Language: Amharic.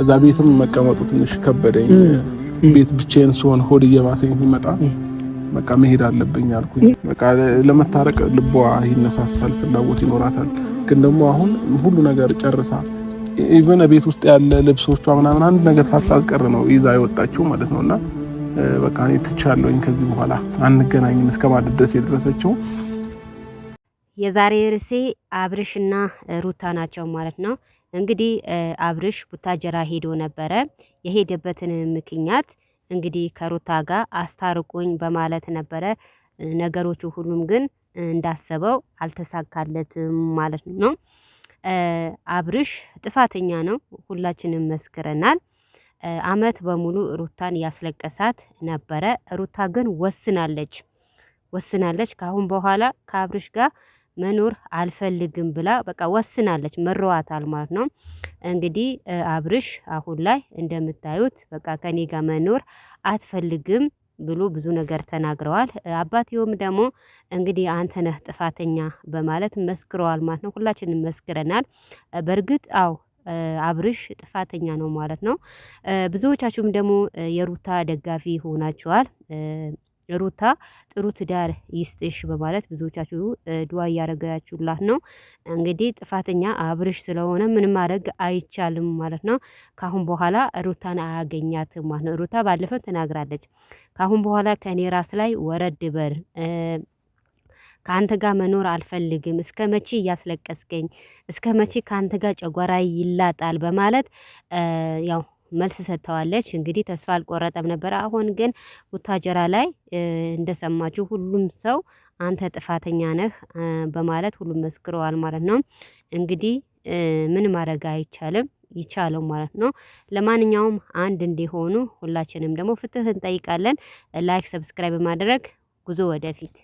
እዛ ቤትም መቀመጡ ትንሽ ከበደኝ። ቤት ብቻዬን ስሆን ሆድ እየባሰኝ ሲመጣ በቃ መሄድ አለብኝ አልኩኝ። በቃ ለመታረቅ ልቧ ይነሳሳል፣ ፍላጎት ይኖራታል። ግን ደግሞ አሁን ሁሉ ነገር ጨርሳ ኢቨን ቤት ውስጥ ያለ ልብሶቿ ምናምን አንድ ነገር ሳታቀር ነው ይዛ የወጣችው ማለት ነው። እና በቃ እኔ ትቻለሁኝ፣ ከዚህ በኋላ አንገናኝም እስከ ድረስ የደረሰችው የዛሬ ርዕሴ አብርሽና ሩታ ናቸው ማለት ነው። እንግዲህ አብርሽ ቡታጀራ ሄዶ ነበረ። የሄደበትን ምክንያት እንግዲህ ከሩታ ጋር አስታርቁኝ በማለት ነበረ። ነገሮቹ ሁሉም ግን እንዳሰበው አልተሳካለትም ማለት ነው። አብርሽ ጥፋተኛ ነው፣ ሁላችንም መስክረናል። አመት በሙሉ ሩታን ያስለቀሳት ነበረ። ሩታ ግን ወስናለች ወስናለች ከአሁን በኋላ ከአብርሽ ጋር መኖር አልፈልግም ብላ በቃ ወስናለች። መረዋታል ማለት ነው። እንግዲህ አብርሽ አሁን ላይ እንደምታዩት በቃ ከኔ ጋር መኖር አትፈልግም ብሎ ብዙ ነገር ተናግረዋል። አባትየውም ደግሞ እንግዲህ አንተ ነህ ጥፋተኛ በማለት መስክረዋል ማለት ነው። ሁላችንም መስክረናል። በእርግጥ አው አብርሽ ጥፋተኛ ነው ማለት ነው። ብዙዎቻችሁም ደግሞ የሩታ ደጋፊ ሆናችኋል። ሩታ ጥሩ ትዳር ይስጥሽ በማለት ብዙዎቻችሁ ድዋ እያደረጋችሁላት ነው። እንግዲህ ጥፋተኛ አብርሽ ስለሆነ ምን ማድረግ አይቻልም ማለት ነው። ካሁን በኋላ ሩታን አያገኛትም ማለት ነው። ሩታ ባለፈው ተናግራለች። ካሁን በኋላ ከኔ ራስ ላይ ወረድ በር ከአንተ ጋር መኖር አልፈልግም። እስከ መቼ እያስለቀስገኝ? እስከ መቼ ከአንተ ጋር ጨጓራ ይላጣል? በማለት ያው መልስ ሰጥተዋለች። እንግዲህ ተስፋ አልቆረጠም ነበረ። አሁን ግን ቡታጀራ ላይ እንደሰማችሁ ሁሉም ሰው አንተ ጥፋተኛ ነህ በማለት ሁሉም መስክረዋል ማለት ነው። እንግዲህ ምን ማድረግ አይቻልም ይቻለው ማለት ነው። ለማንኛውም አንድ እንዲሆኑ ሁላችንም ደግሞ ፍትህ እንጠይቃለን። ላይክ፣ ሰብስክራይብ ማድረግ ጉዞ ወደፊት